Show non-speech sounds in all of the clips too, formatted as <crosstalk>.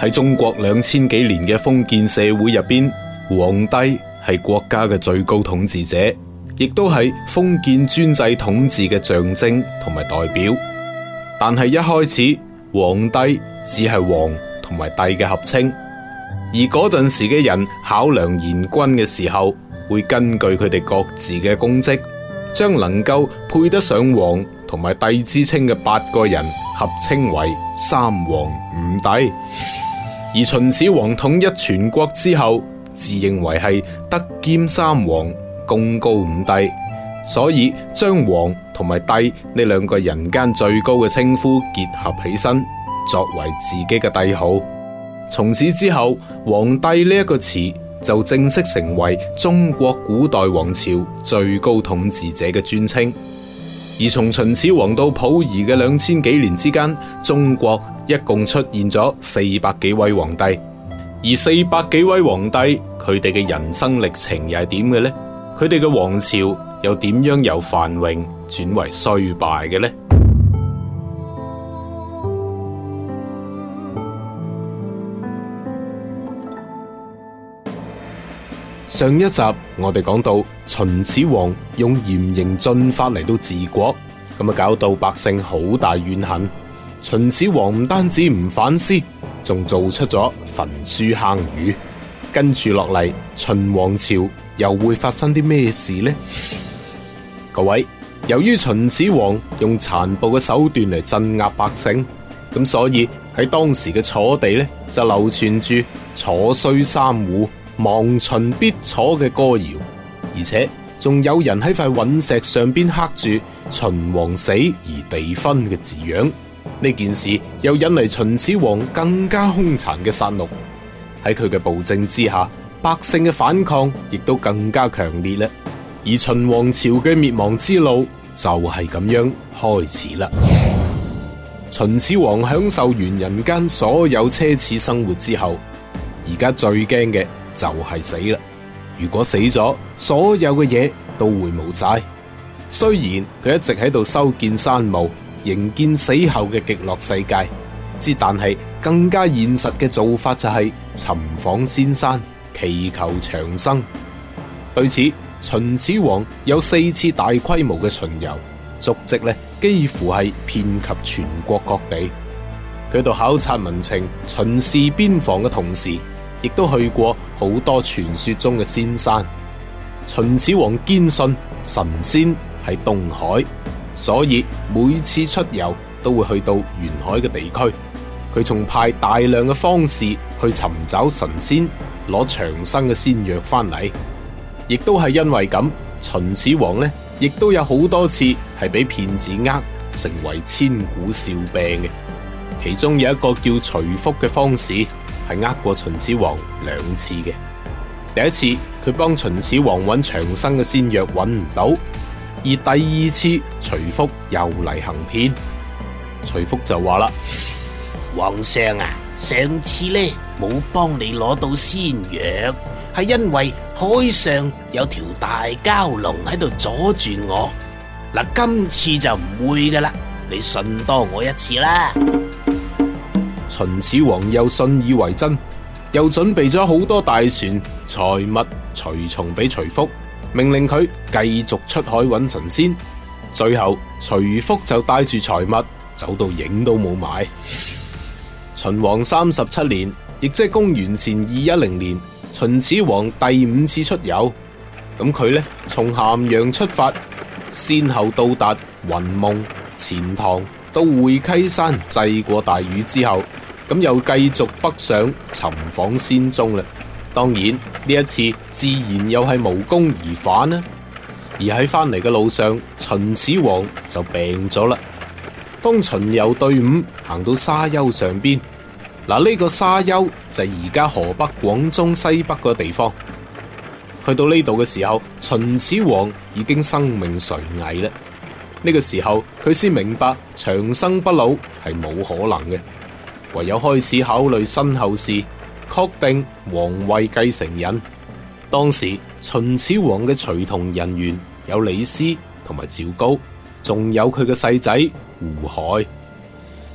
喺中國兩千幾年嘅封建社會入邊，皇帝係國家嘅最高統治者，亦都係封建專制統治嘅象徵同埋代表。但係一開始，皇帝只係皇同埋帝嘅合稱，而嗰陣時嘅人考量賢君嘅時候，會根據佢哋各自嘅功績，將能夠配得上皇同埋帝之稱嘅八個人合稱為三皇五帝。而秦始皇統一全國之後，自認為係德兼三皇，功高五帝，所以將皇同埋帝呢兩個人間最高嘅稱呼結合起身，作為自己嘅帝號。從此之後，皇帝呢一個詞就正式成為中國古代王朝最高統治者嘅尊稱。而從秦始皇到溥儀嘅兩千幾年之間，中國一共出現咗四百幾位皇帝。而四百幾位皇帝，佢哋嘅人生歷程又係點嘅呢？佢哋嘅王朝又點樣由繁榮轉為衰敗嘅呢？上一集我哋講到秦始皇用嚴刑峻法嚟，到治國，咁啊搞到百姓好大怨恨。秦始皇唔單止唔反思，仲做出咗焚書坑儒。跟住落嚟，秦王朝又會發生啲咩事呢？各位，由於秦始皇用殘暴嘅手段嚟鎮壓百姓，咁所以喺當時嘅楚地咧就流傳住楚雖三戶亡秦必楚嘅歌謠，而且仲有人喺塊隕石上邊刻住秦王死而地分嘅字樣。呢件事又引嚟秦始皇更加兇殘嘅殺戮。喺佢嘅暴政之下，百姓嘅反抗亦都更加強烈啦。而秦王朝嘅滅亡之路就係咁樣開始啦。 <noise> 秦始皇享受完人間所有奢侈生活之後，而家最驚嘅，就係死啦！如果死咗，所有嘅嘢都會冇晒。雖然佢一直喺度修建山墓，營建死後嘅極樂世界，之但係更加現實嘅做法就係尋訪仙山，祈求長生。對此，秦始皇有四次大規模嘅巡遊，足跡咧幾乎係遍及全國各地。佢喺度考察民情、巡視邊防嘅同時。亦都去過好多傳說中嘅仙山。秦始皇堅信神仙係東海，所以每次出遊都會去到沿海嘅地區。佢仲派大量嘅方士去尋找神仙，攞長生嘅仙藥翻嚟。亦都係因為咁，秦始皇呢，亦都有好多次係俾騙子呃，成為千古笑柄嘅。其中有一個叫徐福嘅方士。係呃過秦始皇兩次嘅，第一次佢幫秦始皇揾長生嘅仙藥揾唔到，而第二次徐福又嚟行騙，徐福就話啦：皇上啊，上次呢冇幫你攞到仙藥，係因為海上有條大蛟龍喺度阻住我，嗱，今次就唔會噶啦，你信多我一次啦。秦始皇又信以為真，又準備咗好多大船、財物、隨從俾徐福，命令佢繼續出海揾神仙。最後徐福就帶住財物走到影都冇埋。秦王三十七年，亦即係公元前二一零年，秦始皇第五次出遊。咁佢呢從咸陽出發，先後到達雲夢、錢塘。到會稽山祭過大禹之後，咁又繼續北上尋訪仙蹤啦。當然呢一次自然又係無功而返啦。而喺返嚟嘅路上，秦始皇就病咗啦。當巡遊隊伍行到沙丘上邊，嗱、這、呢個沙丘就係而家河北廣宗西北個地方。去到呢度嘅時候，秦始皇已經生命垂危啦。呢、這個時候佢先明白長生不老係冇可能嘅，唯有開始考慮身後事，確定皇位繼承人。當時秦始皇嘅隨同人員有李斯同埋趙高，仲有佢嘅細仔胡亥。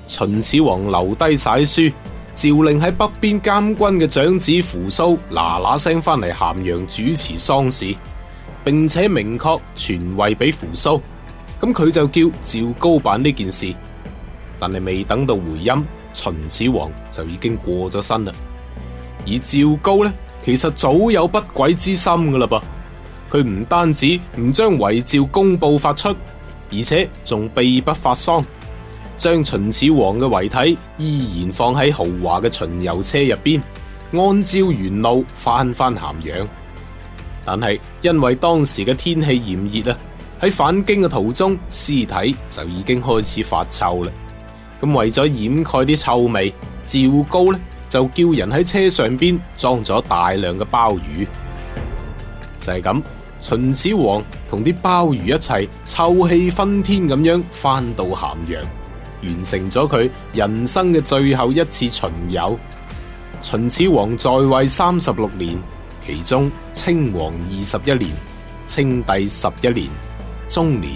秦始皇留低璽書，詔令喺北邊監軍嘅長子扶蘇嗱嗱聲返嚟咸陽主持喪事，並且明確傳位俾扶蘇。咁佢就叫趙高辦呢件事，但係未等到回音，秦始皇就已經過咗身啦。而趙高呢，其實早有不軌之心㗎啦噃，佢唔單止唔將遺詔公布發出，而且仲秘不發喪，將秦始皇嘅遺體依然放喺豪華嘅巡遊車入邊，按照原路返返咸陽。但係因為當時嘅天氣炎熱啊！喺返京嘅途中，屍體就已經開始發臭啦。咁為咗掩蓋啲臭味，趙高呢就叫人喺車上邊裝咗大量嘅鮑魚。就係咁，秦始皇同啲鮑魚一齊臭氣燻天咁樣翻到咸陽，完成咗佢人生嘅最後一次巡遊。秦始皇在位三十六年，其中稱王二十一年，稱帝十一年。終年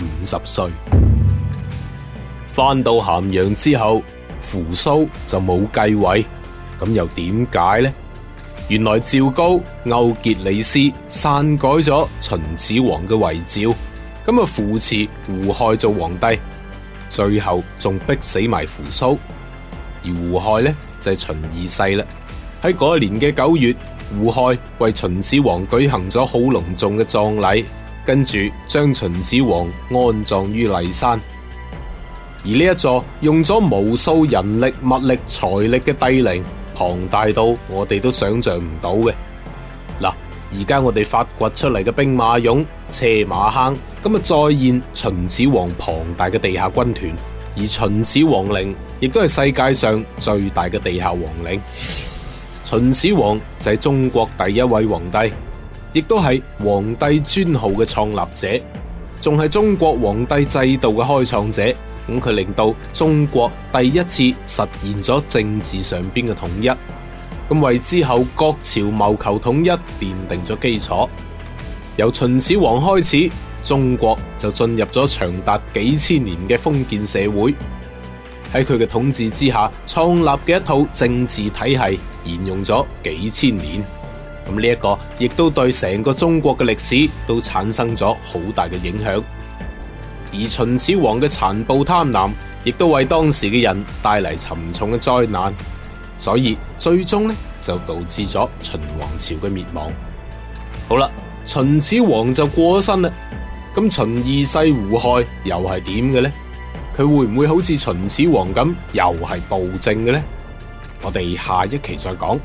五十歲，翻到咸陽之後，扶蘇就冇繼位，咁又點解呢？原來趙高勾結李斯，篡改咗秦始皇嘅遺詔，咁啊，扶持胡亥做皇帝，最後仲逼死埋扶蘇，而胡亥呢就係、是、秦二世啦。喺嗰年嘅九月，胡亥為秦始皇舉行咗好隆重嘅葬禮。跟住將秦始皇安葬於驪山，而呢一座用咗無數人力、物力、財力嘅帝陵，龐大到我哋都想象唔到嘅。嗱，而家我哋發掘出嚟嘅兵馬俑、車馬坑，今日再現秦始皇龐大嘅地下軍團。而秦始皇陵亦都係世界上最大嘅地下皇陵。秦始皇就係中國第一位皇帝。亦都係皇帝尊號嘅創立者，仲係中國皇帝制度嘅開創者。咁佢令到中國第一次實現咗政治上邊嘅統一，咁為之後各朝謀求統一奠定咗基礎。由秦始皇開始，中國就進入咗長達幾千年嘅封建社會。喺佢嘅統治之下，創立嘅一套政治體系沿用咗幾千年。咁呢一個亦都對成個中國嘅歷史都產生咗好大嘅影響，而秦始皇嘅殘暴貪婪，亦都為當時嘅人帶嚟沉重嘅災難，所以最終呢就導致咗秦王朝嘅滅亡。好啦，秦始皇就過身啦，咁秦二世胡亥又係點嘅呢？佢會唔會好似秦始皇咁又係暴政嘅呢？我哋下一期再講。